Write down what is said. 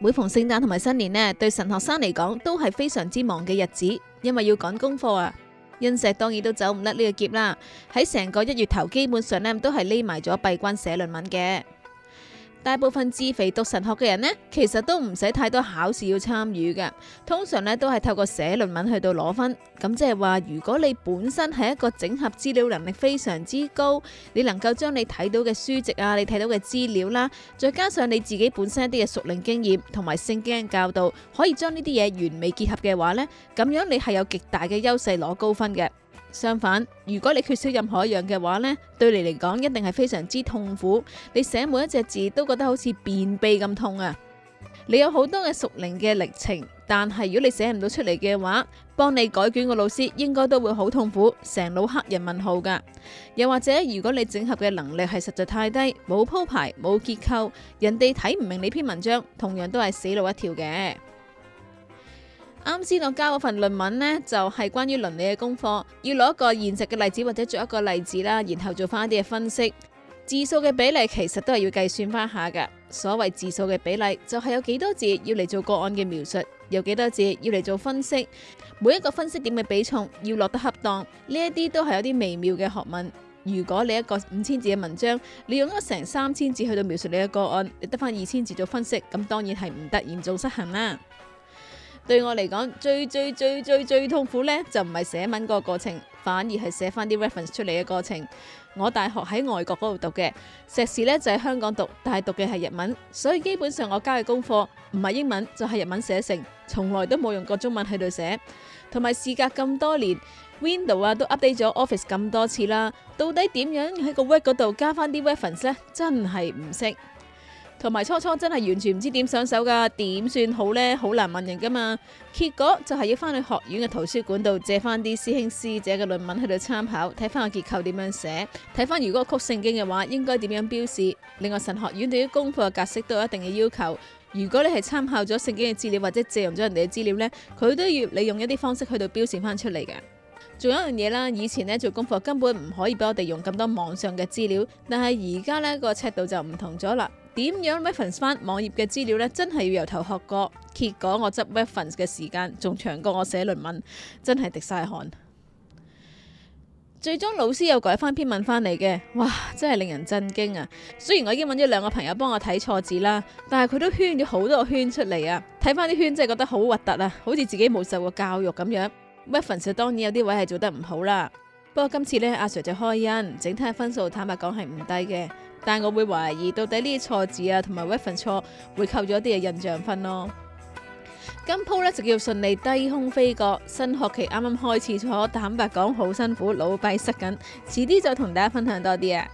每逢聖誕同埋新年咧，對神學生嚟講都係非常之忙嘅日子，因為要趕功課啊。恩石當然都走唔甩呢個劫啦，喺成個一月頭基本上咧都係匿埋咗閉關寫論文嘅。大部分自費讀神學嘅人呢，其實都唔使太多考試要參與嘅。通常咧都係透過寫論文去到攞分。咁即係話，如果你本身係一個整合資料能力非常之高，你能夠將你睇到嘅書籍啊，你睇到嘅資料啦，再加上你自己本身一啲嘅屬靈經驗同埋聖經嘅教導，可以將呢啲嘢完美結合嘅話呢，咁樣你係有極大嘅優勢攞高分嘅。相反，如果你缺少任何一樣嘅話呢，對你嚟講一定係非常之痛苦。你寫每一隻字都覺得好似便秘咁痛啊！你有好多嘅熟齡嘅歷程，但係如果你寫唔到出嚟嘅話，幫你改卷個老師應該都會好痛苦，成腦黑人問號噶。又或者，如果你整合嘅能力係實在太低，冇鋪排、冇結構，人哋睇唔明你篇文章，同樣都係死路一條嘅。啱先我交份論文呢，就係關於倫理嘅功課，要攞一個現實嘅例子或者做一個例子啦，然後做翻一啲嘅分析。字數嘅比例其實都係要計算翻下噶。所謂字數嘅比例，就係有幾多字要嚟做個案嘅描述，有幾多字要嚟做分析。每一個分析點嘅比重要落得恰當，呢一啲都係有啲微妙嘅學問。如果你一個五千字嘅文章，你用咗成三千字去到描述你嘅個案，你得翻二千字做分析，咁當然係唔得，嚴重失衡啦。對我嚟講，最最最最最痛苦呢，就唔係寫文個過程，反而係寫翻啲 reference 出嚟嘅過程。我大學喺外國嗰度讀嘅，碩士呢就喺香港讀，但係讀嘅係日文，所以基本上我交嘅功課唔係英文，就係日文寫成，從來都冇用過中文喺度寫。同埋事隔咁多年，Window 啊都 update 咗 Office 咁多次啦，到底點樣喺個 Word 嗰度加翻啲 reference 呢？真係唔識。同埋初初真係完全唔知點上手噶，點算好呢？好難問人噶嘛。結果就係要翻去學院嘅圖書館度借翻啲師兄師姐嘅論文去度參考，睇翻個結構點樣寫，睇翻如果曲聖經嘅話應該點樣標示。另外神學院對於功課嘅格式都有一定嘅要求。如果你係參考咗聖經嘅資料或者借用咗人哋嘅資料呢，佢都要你用一啲方式去到標示翻出嚟嘅。仲有一樣嘢啦，以前呢做功課根本唔可以俾我哋用咁多網上嘅資料，但係而家呢個尺度就唔同咗啦。點樣 reference 翻網頁嘅資料呢？真係要由頭學過，結果我執 reference 嘅時間仲長過我寫論文，真係滴晒汗。 最終老師又改翻篇文翻嚟嘅，哇！真係令人震驚啊！雖然我已經揾咗兩個朋友幫我睇錯字啦，但係佢都圈咗好多個圈出嚟啊！睇翻啲圈真係覺得好核突啊，好似自己冇受過教育咁樣。reference 當然有啲位係做得唔好啦。不過今次咧，阿 sir 就開恩，整體分數坦白講係唔低嘅，但係我會懷疑到底呢啲錯字啊同埋 reference 錯，會扣咗啲嘅印象分咯。今鋪咧就叫順利低空飛過，新學期啱啱開始坐，坦白講好辛苦，腦閉塞緊，遲啲再同大家分享多啲啊。